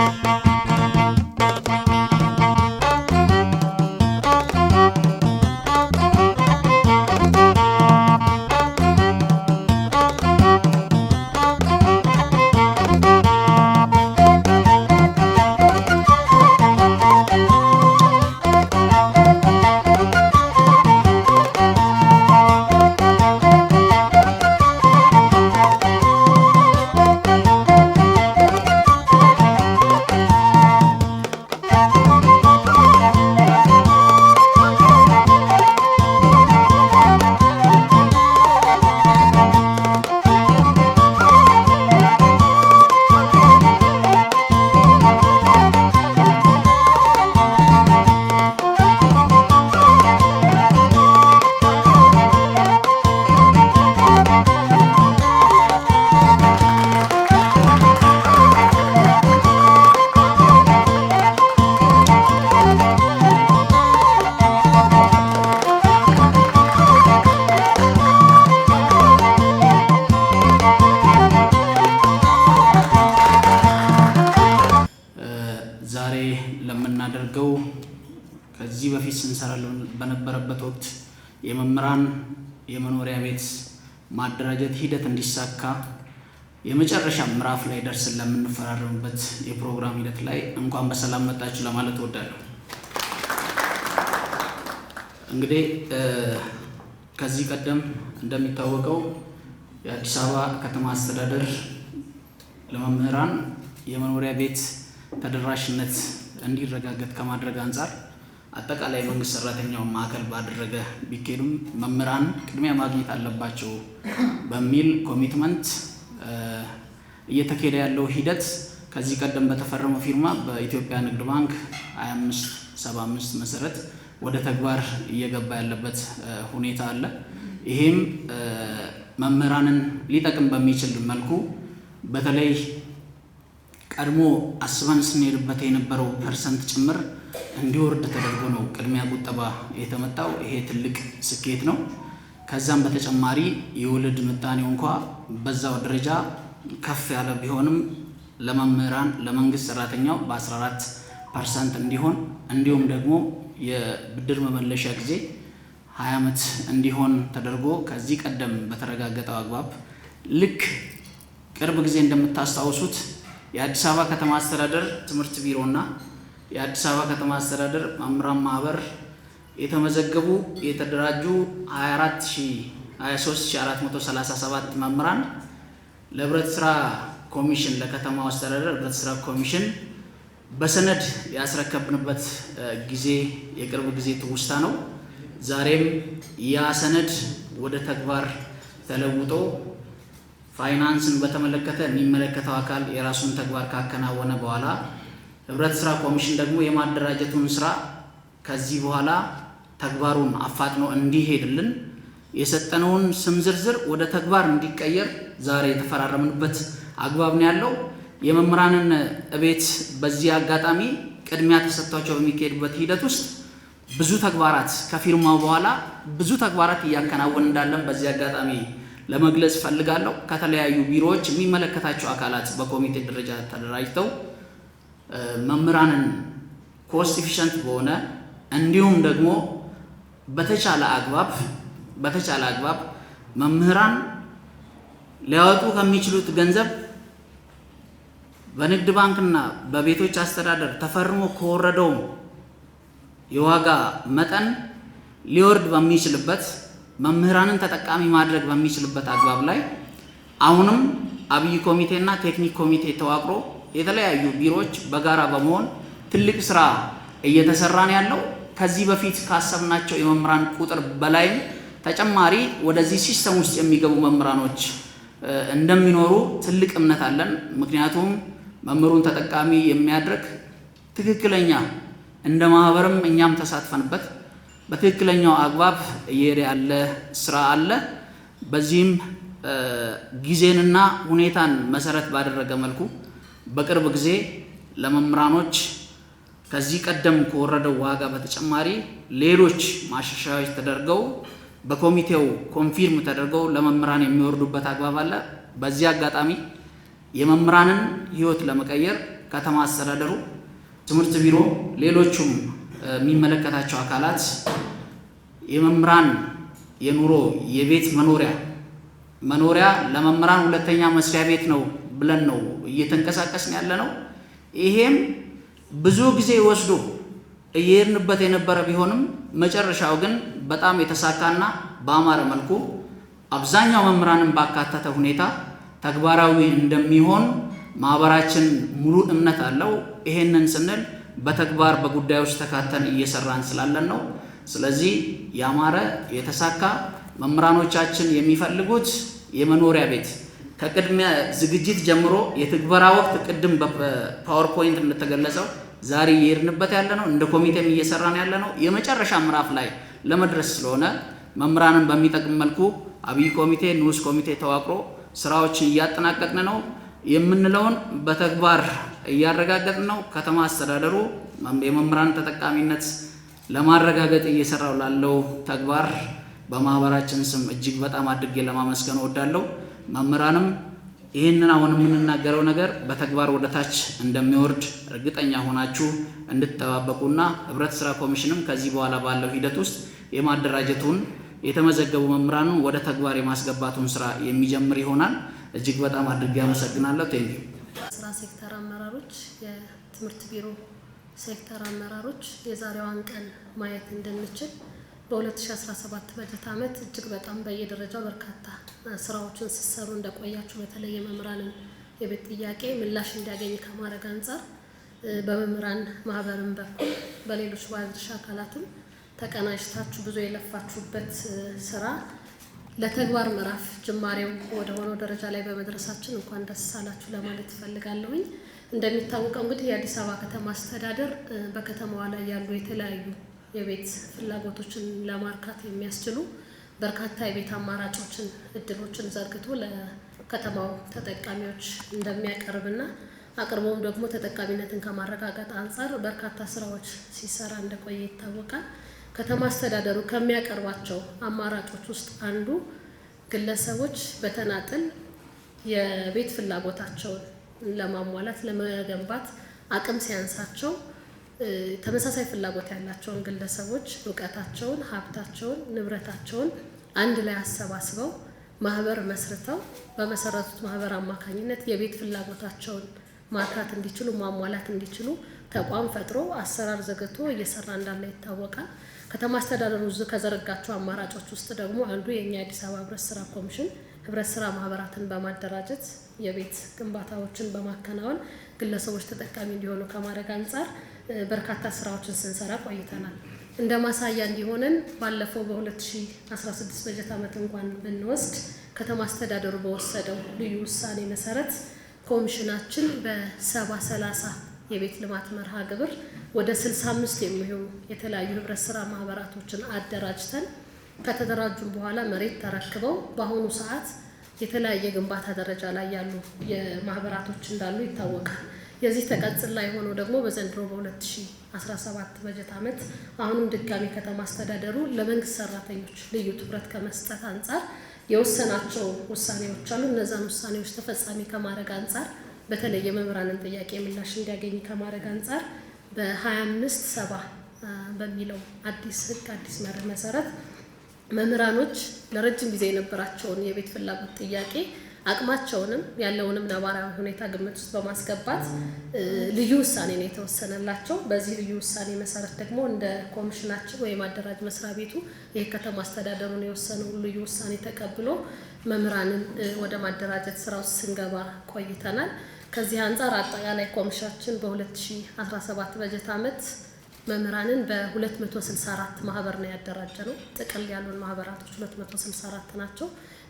Música በፊት ስንሰራ በነበረበት ወቅት የመምህራን የመኖሪያ ቤት ማደራጀት ሂደት እንዲሳካ የመጨረሻ ምዕራፍ ላይ ደርስን ለምንፈራረምበት የፕሮግራም ሂደት ላይ እንኳን በሰላም መጣችሁ ለማለት እወዳለሁ። እንግዲህ ከዚህ ቀደም እንደሚታወቀው የአዲስ አበባ ከተማ አስተዳደር ለመምህራን የመኖሪያ ቤት ተደራሽነት እንዲረጋገጥ ከማድረግ አንጻር አጠቃላይ መንግስት ሰራተኛውን ማዕከል ባደረገ ቢኬዱም መምህራን ቅድሚያ ማግኘት አለባቸው በሚል ኮሚትመንት እየተካሄደ ያለው ሂደት ከዚህ ቀደም በተፈረመው ፊርማ በኢትዮጵያ ንግድ ባንክ 2575 መሰረት ወደ ተግባር እየገባ ያለበት ሁኔታ አለ። ይሄም መምህራንን ሊጠቅም በሚችል መልኩ በተለይ ቀድሞ አስበን ስንሄድበት የነበረው ፐርሰንት ጭምር እንዲወርድ ተደርጎ ነው ቅድሚያ ቁጠባ የተመጣው። ይሄ ትልቅ ስኬት ነው። ከዛም በተጨማሪ የወለድ ምጣኔው እንኳ በዛው ደረጃ ከፍ ያለ ቢሆንም ለመምህራን፣ ለመንግስት ሰራተኛው በ14 ፐርሰንት እንዲሆን እንዲሁም ደግሞ የብድር መመለሻ ጊዜ 20 ዓመት እንዲሆን ተደርጎ ከዚህ ቀደም በተረጋገጠው አግባብ ልክ ቅርብ ጊዜ እንደምታስታውሱት የአዲስ አበባ ከተማ አስተዳደር ትምህርት ቢሮና የአዲስ አበባ ከተማ አስተዳደር መምህራን ማህበር የተመዘገቡ የተደራጁ 2423437 መምህራን ለህብረት ስራ ኮሚሽን ለከተማው አስተዳደር ህብረት ስራ ኮሚሽን በሰነድ ያስረከብንበት ጊዜ የቅርብ ጊዜ ትውስታ ነው። ዛሬም ያ ሰነድ ወደ ተግባር ተለውጦ ፋይናንስን በተመለከተ የሚመለከተው አካል የራሱን ተግባር ካከናወነ በኋላ ህብረት ስራ ኮሚሽን ደግሞ የማደራጀቱን ስራ ከዚህ በኋላ ተግባሩን አፋጥኖ እንዲሄድልን የሰጠነውን ስም ዝርዝር ወደ ተግባር እንዲቀየር ዛሬ የተፈራረምንበት አግባብ ነው ያለው። የመምህራንን እቤት በዚህ አጋጣሚ ቅድሚያ ተሰጥቷቸው በሚካሄድበት ሂደት ውስጥ ብዙ ተግባራት ከፊርማው በኋላ ብዙ ተግባራት እያከናወን እንዳለን በዚህ አጋጣሚ ለመግለጽ ፈልጋለሁ። ከተለያዩ ቢሮዎች የሚመለከታቸው አካላት በኮሚቴ ደረጃ ተደራጅተው መምህራንን ኮስት ኢፊሸንት በሆነ እንዲሁም ደግሞ በተቻለ አግባብ በተቻለ አግባብ መምህራን ሊያወጡ ከሚችሉት ገንዘብ በንግድ ባንክና በቤቶች አስተዳደር ተፈርሞ ከወረደውም የዋጋ መጠን ሊወርድ በሚችልበት መምህራንን ተጠቃሚ ማድረግ በሚችልበት አግባብ ላይ አሁንም አብይ ኮሚቴና ቴክኒክ ኮሚቴ ተዋቅሮ የተለያዩ ቢሮዎች በጋራ በመሆን ትልቅ ስራ እየተሰራን ያለው ከዚህ በፊት ካሰብናቸው የመምህራን ቁጥር በላይም ተጨማሪ ወደዚህ ሲስተም ውስጥ የሚገቡ መምህራኖች እንደሚኖሩ ትልቅ እምነት አለን። ምክንያቱም መምህሩን ተጠቃሚ የሚያደርግ ትክክለኛ እንደ ማህበርም እኛም ተሳትፈንበት በትክክለኛው አግባብ እየሄደ ያለ ስራ አለ። በዚህም ጊዜንና ሁኔታን መሰረት ባደረገ መልኩ በቅርብ ጊዜ ለመምህራኖች ከዚህ ቀደም ከወረደው ዋጋ በተጨማሪ ሌሎች ማሻሻያዎች ተደርገው በኮሚቴው ኮንፊርም ተደርገው ለመምህራን የሚወርዱበት አግባብ አለ። በዚህ አጋጣሚ የመምህራንን ሕይወት ለመቀየር ከተማ አስተዳደሩ፣ ትምህርት ቢሮ፣ ሌሎቹም የሚመለከታቸው አካላት የመምህራን የኑሮ የቤት መኖሪያ መኖሪያ ለመምህራን ሁለተኛ መስሪያ ቤት ነው ብለን ነው እየተንቀሳቀስን ያለ ነው። ይሄም ብዙ ጊዜ ወስዶ እየሄድንበት የነበረ ቢሆንም መጨረሻው ግን በጣም የተሳካና በአማረ መልኩ አብዛኛው መምህራንን ባካተተ ሁኔታ ተግባራዊ እንደሚሆን ማህበራችን ሙሉ እምነት አለው። ይሄንን ስንል በተግባር በጉዳዮች ተካተን እየሰራን ስላለን ነው። ስለዚህ ያማረ የተሳካ መምህራኖቻችን የሚፈልጉት የመኖሪያ ቤት ከቅድሚያ ዝግጅት ጀምሮ የትግበራ ወቅት ቅድም በፓወርፖይንት እንደተገለጸው ዛሬ እየሄድንበት ያለ ነው። እንደ ኮሚቴም እየሰራን ያለ ነው። የመጨረሻ ምዕራፍ ላይ ለመድረስ ስለሆነ መምህራንን በሚጠቅም መልኩ አብይ ኮሚቴ፣ ንዑስ ኮሚቴ ተዋቅሮ ስራዎችን እያጠናቀቅን ነው የምንለውን በተግባር እያረጋገጥን ነው። ከተማ አስተዳደሩ የመምህራን ተጠቃሚነት ለማረጋገጥ እየሰራው ላለው ተግባር በማህበራችን ስም እጅግ በጣም አድርጌ ለማመስገን እወዳለሁ። መምህራንም ይህንን አሁን የምንናገረው ነገር በተግባር ወደታች እንደሚወርድ እርግጠኛ ሆናችሁ እንድትጠባበቁና ህብረት ስራ ኮሚሽንም ከዚህ በኋላ ባለው ሂደት ውስጥ የማደራጀቱን የተመዘገቡ መምህራንን ወደ ተግባር የማስገባቱን ስራ የሚጀምር ይሆናል። እጅግ በጣም አድርጌ አመሰግናለሁ። ቴንኪው ስራ ሴክተር አመራሮች፣ የትምህርት ቢሮ ሴክተር አመራሮች የዛሬዋን ቀን ማየት እንድንችል በ2017 በጀት ዓመት እጅግ በጣም በየደረጃው በርካታ ስራዎችን ስሰሩ እንደቆያችሁ በተለይ የመምህራንን የቤት ጥያቄ ምላሽ እንዲያገኝ ከማድረግ አንጻር በመምህራን ማህበርም በኩል በሌሎች ባለድርሻ አካላትም ተቀናጅታችሁ ብዙ የለፋችሁበት ስራ ለተግባር ምዕራፍ ጅማሬው ወደ ሆነው ደረጃ ላይ በመድረሳችን እንኳን ደስ አላችሁ ለማለት እፈልጋለሁኝ። እንደሚታወቀው እንግዲህ የአዲስ አበባ ከተማ አስተዳደር በከተማዋ ላይ ያሉ የተለያዩ የቤት ፍላጎቶችን ለማርካት የሚያስችሉ በርካታ የቤት አማራጮችን እድሎችን ዘርግቶ ለከተማው ተጠቃሚዎች እንደሚያቀርብና አቅርቦም ደግሞ ተጠቃሚነትን ከማረጋገጥ አንጻር በርካታ ስራዎች ሲሰራ እንደቆየ ይታወቃል። ከተማ አስተዳደሩ ከሚያቀርባቸው አማራጮች ውስጥ አንዱ ግለሰቦች በተናጠል የቤት ፍላጎታቸውን ለማሟላት ለመገንባት አቅም ሲያንሳቸው ተመሳሳይ ፍላጎት ያላቸውን ግለሰቦች እውቀታቸውን፣ ሀብታቸውን፣ ንብረታቸውን አንድ ላይ አሰባስበው ማህበር መስርተው በመሰረቱት ማህበር አማካኝነት የቤት ፍላጎታቸውን ማርካት እንዲችሉ ማሟላት እንዲችሉ ተቋም ፈጥሮ አሰራር ዘግቶ እየሰራ እንዳለ ይታወቃል። ከተማ አስተዳደሩ ከዘረጋቸው አማራጮች ውስጥ ደግሞ አንዱ የእኛ የአዲስ አበባ ህብረት ስራ ኮሚሽን ህብረት ስራ ማህበራትን በማደራጀት የቤት ግንባታዎችን በማከናወን ግለሰቦች ተጠቃሚ እንዲሆኑ ከማድረግ አንጻር በርካታ ስራዎችን ስንሰራ ቆይተናል። እንደ ማሳያ እንዲሆነን ባለፈው በ2016 በጀት ዓመት እንኳን ብንወስድ ከተማ አስተዳደሩ በወሰደው ልዩ ውሳኔ መሰረት ኮሚሽናችን በሰባ ሰላሳ የቤት ልማት መርሃ ግብር ወደ 65 የሚሆኑ የተለያዩ ህብረት ስራ ማህበራቶችን አደራጅተን ከተደራጁ በኋላ መሬት ተረክበው በአሁኑ ሰዓት የተለያየ ግንባታ ደረጃ ላይ ያሉ የማህበራቶች እንዳሉ ይታወቃል። የዚህ ተቀጽላ የሆነው ደግሞ በዘንድሮ በ2017 በጀት ዓመት አሁንም ድጋሚ ከተማ አስተዳደሩ ለመንግስት ሰራተኞች ልዩ ትኩረት ከመስጠት አንጻር የወሰናቸው ውሳኔዎች አሉ። እነዛን ውሳኔዎች ተፈጻሚ ከማድረግ አንጻር በተለይ የመምህራንን ጥያቄ ምላሽ እንዲያገኝ ከማድረግ አንጻር በ25 ሰባ በሚለው አዲስ ህግ አዲስ መርህ መሰረት መምህራኖች ለረጅም ጊዜ የነበራቸውን የቤት ፍላጎት ጥያቄ አቅማቸውንም ያለውንም ነባራዊ ሁኔታ ግምት ውስጥ በማስገባት ልዩ ውሳኔ ነው የተወሰነላቸው። በዚህ ልዩ ውሳኔ መሰረት ደግሞ እንደ ኮሚሽናችን ወይም አደራጅ መስሪያ ቤቱ የከተማ አስተዳደሩን የወሰነው ልዩ ውሳኔ ተቀብሎ መምህራንን ወደ ማደራጀት ስራ ውስጥ ስንገባ ቆይተናል። ከዚህ አንጻር አጠቃላይ ኮሚሽናችን በ2017 በጀት ዓመት መምህራንን በ264 ማህበር ነው ያደራጀ ነው። ጥቅል ያሉን ማህበራቶች 264 ናቸው።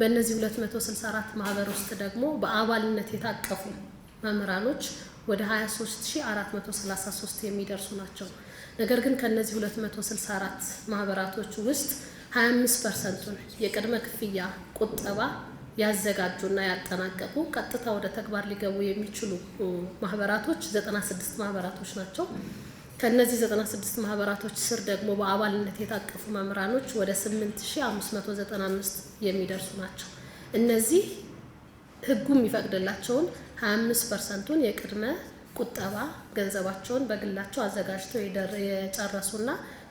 በእነዚህ 264 ማህበር ውስጥ ደግሞ በአባልነት የታቀፉ መምህራኖች ወደ 23433 የሚደርሱ ናቸው። ነገር ግን ከእነዚህ 264 ማህበራቶች ውስጥ 25 ፐርሰንቱን የቅድመ ክፍያ ቁጠባ ያዘጋጁና ያጠናቀቁ ቀጥታ ወደ ተግባር ሊገቡ የሚችሉ ማህበራቶች 96 ማህበራቶች ናቸው። ከእነዚህ 96 ማህበራቶች ስር ደግሞ በአባልነት የታቀፉ መምህራኖች ወደ 8595 የሚደርሱ ናቸው። እነዚህ ህጉ የሚፈቅድላቸውን 25 ፐርሰንቱን የቅድመ ቁጠባ ገንዘባቸውን በግላቸው አዘጋጅተው የጨረሱና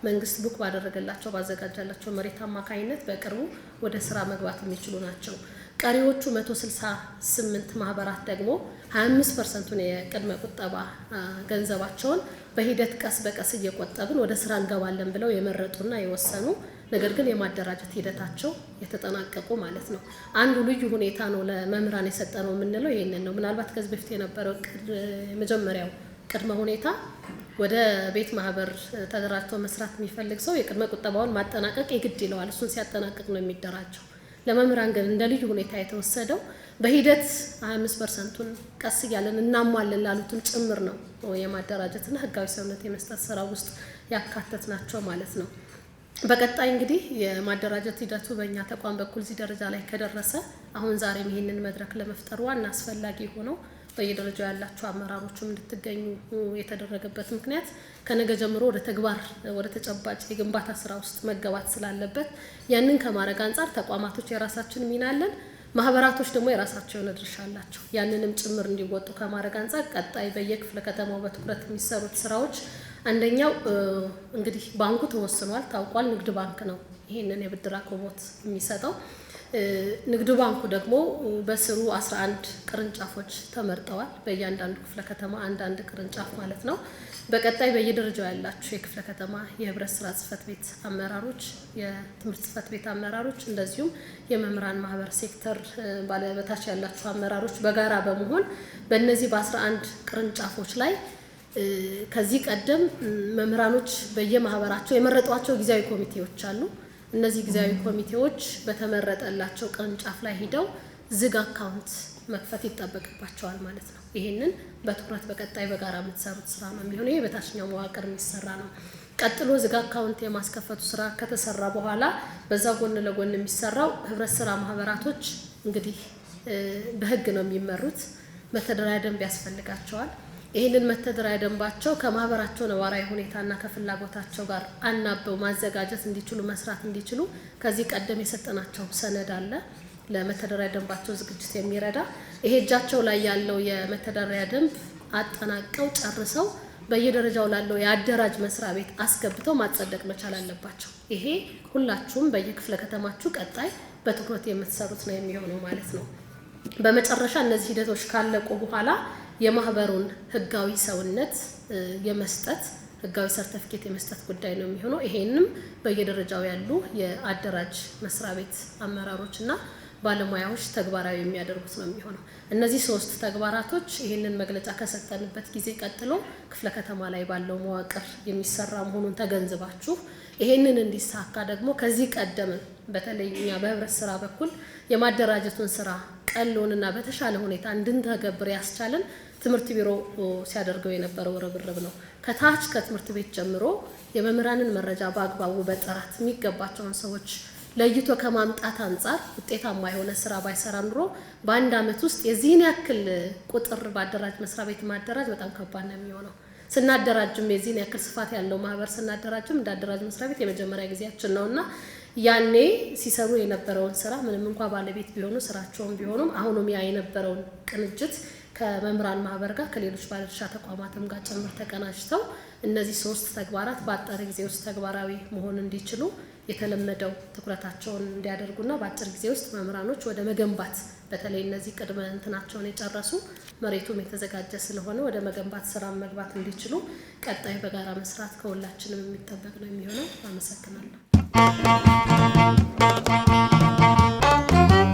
መንግስት ቡክ ባደረገላቸው ባዘጋጃላቸው መሬት አማካኝነት በቅርቡ ወደ ስራ መግባት የሚችሉ ናቸው። ቀሪዎቹ 168 ማህበራት ደግሞ 25 ፐርሰንቱን የቅድመ ቁጠባ ገንዘባቸውን በሂደት ቀስ በቀስ እየቆጠብን ወደ ስራ እንገባለን ብለው የመረጡና የወሰኑ ነገር ግን የማደራጀት ሂደታቸው የተጠናቀቁ ማለት ነው። አንዱ ልዩ ሁኔታ ነው ለመምህራን የሰጠነው የምንለው ይህንን ነው። ምናልባት ከዚህ በፊት የነበረው የመጀመሪያው ቅድመ ሁኔታ ወደ ቤት ማህበር ተደራጅቶ መስራት የሚፈልግ ሰው የቅድመ ቁጠባውን ማጠናቀቅ የግድ ይለዋል። እሱን ሲያጠናቀቅ ነው የሚደራጀው። ለመምህራን ግን እንደ ልዩ ሁኔታ የተወሰደው በሂደት 25 ፐርሰንቱን ቀስ እያለን እናሟለን ላሉትም ጭምር ነው የማደራጀትና ህጋዊ ሰውነት የመስጠት ስራ ውስጥ ያካተት ናቸው ማለት ነው። በቀጣይ እንግዲህ የማደራጀት ሂደቱ በእኛ ተቋም በኩል እዚህ ደረጃ ላይ ከደረሰ አሁን ዛሬም ይህንን መድረክ ለመፍጠር ዋና አስፈላጊ የሆነው በየደረጃው ያላችሁ አመራሮችም እንድትገኙ የተደረገበት ምክንያት ከነገ ጀምሮ ወደ ተግባር ወደ ተጨባጭ የግንባታ ስራ ውስጥ መገባት ስላለበት ያንን ከማድረግ አንጻር ተቋማቶች የራሳችን ሚና አለን፣ ማህበራቶች ደግሞ የራሳቸው የሆነ ድርሻ አላቸው። ያንንም ጭምር እንዲወጡ ከማድረግ አንጻር ቀጣይ በየክፍለ ከተማው በትኩረት የሚሰሩት ስራዎች አንደኛው እንግዲህ ባንኩ ተወስኗል፣ ታውቋል። ንግድ ባንክ ነው ይህንን የብድር አቅርቦት የሚሰጠው። ንግዱ ባንኩ ደግሞ በስሩ 11 ቅርንጫፎች ተመርጠዋል። በእያንዳንዱ ክፍለ ከተማ አንዳንድ ቅርንጫፍ ማለት ነው። በቀጣይ በየደረጃው ያላችሁ የክፍለ ከተማ የህብረት ስራ ጽህፈት ቤት አመራሮች፣ የትምህርት ጽህፈት ቤት አመራሮች እንደዚሁም የመምህራን ማህበር ሴክተር ባለበታች ያላችሁ አመራሮች በጋራ በመሆን በእነዚህ በ11 ቅርንጫፎች ላይ ከዚህ ቀደም መምህራኖች በየማህበራቸው የመረጧቸው ጊዜያዊ ኮሚቴዎች አሉ። እነዚህ ጊዜያዊ ኮሚቴዎች በተመረጠላቸው ቅርንጫፍ ላይ ሂደው ዝግ አካውንት መክፈት ይጠበቅባቸዋል ማለት ነው። ይሄንን በትኩረት በቀጣይ በጋራ የምትሰሩት ስራ ነው የሚሆነው። ይህ በታችኛው መዋቅር የሚሰራ ነው። ቀጥሎ ዝግ አካውንት የማስከፈቱ ስራ ከተሰራ በኋላ በዛ ጎን ለጎን የሚሰራው ህብረት ስራ ማህበራቶች እንግዲህ በህግ ነው የሚመሩት። መተዳደሪያ ደንብ ያስፈልጋቸዋል። ይህንን መተደሪያ ደንባቸው ከማህበራቸው ነባራዊ ሁኔታና ከፍላጎታቸው ጋር አናበው ማዘጋጀት እንዲችሉ መስራት እንዲችሉ ከዚህ ቀደም የሰጠናቸው ሰነድ አለ ለመተደሪያ ደንባቸው ዝግጅት የሚረዳ ይሄ እጃቸው ላይ ያለው የመተደሪያ ደንብ አጠናቀው ጨርሰው በየደረጃው ላለው የአደራጅ መስሪያ ቤት አስገብተው ማጸደቅ መቻል አለባቸው። ይሄ ሁላችሁም በየክፍለ ከተማችሁ ቀጣይ በትኩረት የምትሰሩት ነው የሚሆነው ማለት ነው። በመጨረሻ እነዚህ ሂደቶች ካለቁ በኋላ የማህበሩን ህጋዊ ሰውነት የመስጠት ህጋዊ ሰርተፍኬት የመስጠት ጉዳይ ነው የሚሆነው። ይሄንም በየደረጃው ያሉ የአደራጅ መስሪያ ቤት አመራሮች እና ባለሙያዎች ተግባራዊ የሚያደርጉት ነው የሚሆነው። እነዚህ ሶስት ተግባራቶች ይህንን መግለጫ ከሰጠንበት ጊዜ ቀጥሎ ክፍለ ከተማ ላይ ባለው መዋቅር የሚሰራ መሆኑን ተገንዝባችሁ ይህንን እንዲሳካ ደግሞ ከዚህ ቀደም በተለይ እኛ በህብረት ስራ በኩል የማደራጀቱን ስራ ቀሎንና በተሻለ ሁኔታ እንድንተገብር ያስቻለን ትምህርት ቢሮ ሲያደርገው የነበረው ርብርብ ነው። ከታች ከትምህርት ቤት ጀምሮ የመምህራንን መረጃ በአግባቡ በጥራት የሚገባቸውን ሰዎች ለይቶ ከማምጣት አንጻር ውጤታማ የሆነ ስራ ባይሰራ ኑሮ በአንድ ዓመት ውስጥ የዚህን ያክል ቁጥር በአደራጅ መስሪያ ቤት ማደራጅ በጣም ከባድ ነው የሚሆነው። ስናደራጅም የዚህን ያክል ስፋት ያለው ማህበር ስናደራጅም እንደ አደራጅ መስሪያ ቤት የመጀመሪያ ጊዜያችን ነው እና ያኔ ሲሰሩ የነበረውን ስራ ምንም እንኳ ባለቤት ቢሆኑ ስራቸውን ቢሆኑም አሁኑም ያ የነበረውን ቅንጅት ከመምህራን ማህበር ጋር ከሌሎች ባለድርሻ ተቋማትም ጋር ጭምር ተቀናጅተው እነዚህ ሶስት ተግባራት በአጠር ጊዜ ውስጥ ተግባራዊ መሆን እንዲችሉ የተለመደው ትኩረታቸውን እንዲያደርጉና በአጭር ጊዜ ውስጥ መምህራኖች ወደ መገንባት በተለይ እነዚህ ቅድመ እንትናቸውን የጨረሱ መሬቱም የተዘጋጀ ስለሆነ ወደ መገንባት ስራ መግባት እንዲችሉ ቀጣይ በጋራ መስራት ከሁላችንም የሚጠበቅ ነው የሚሆነው። አመሰግናለሁ።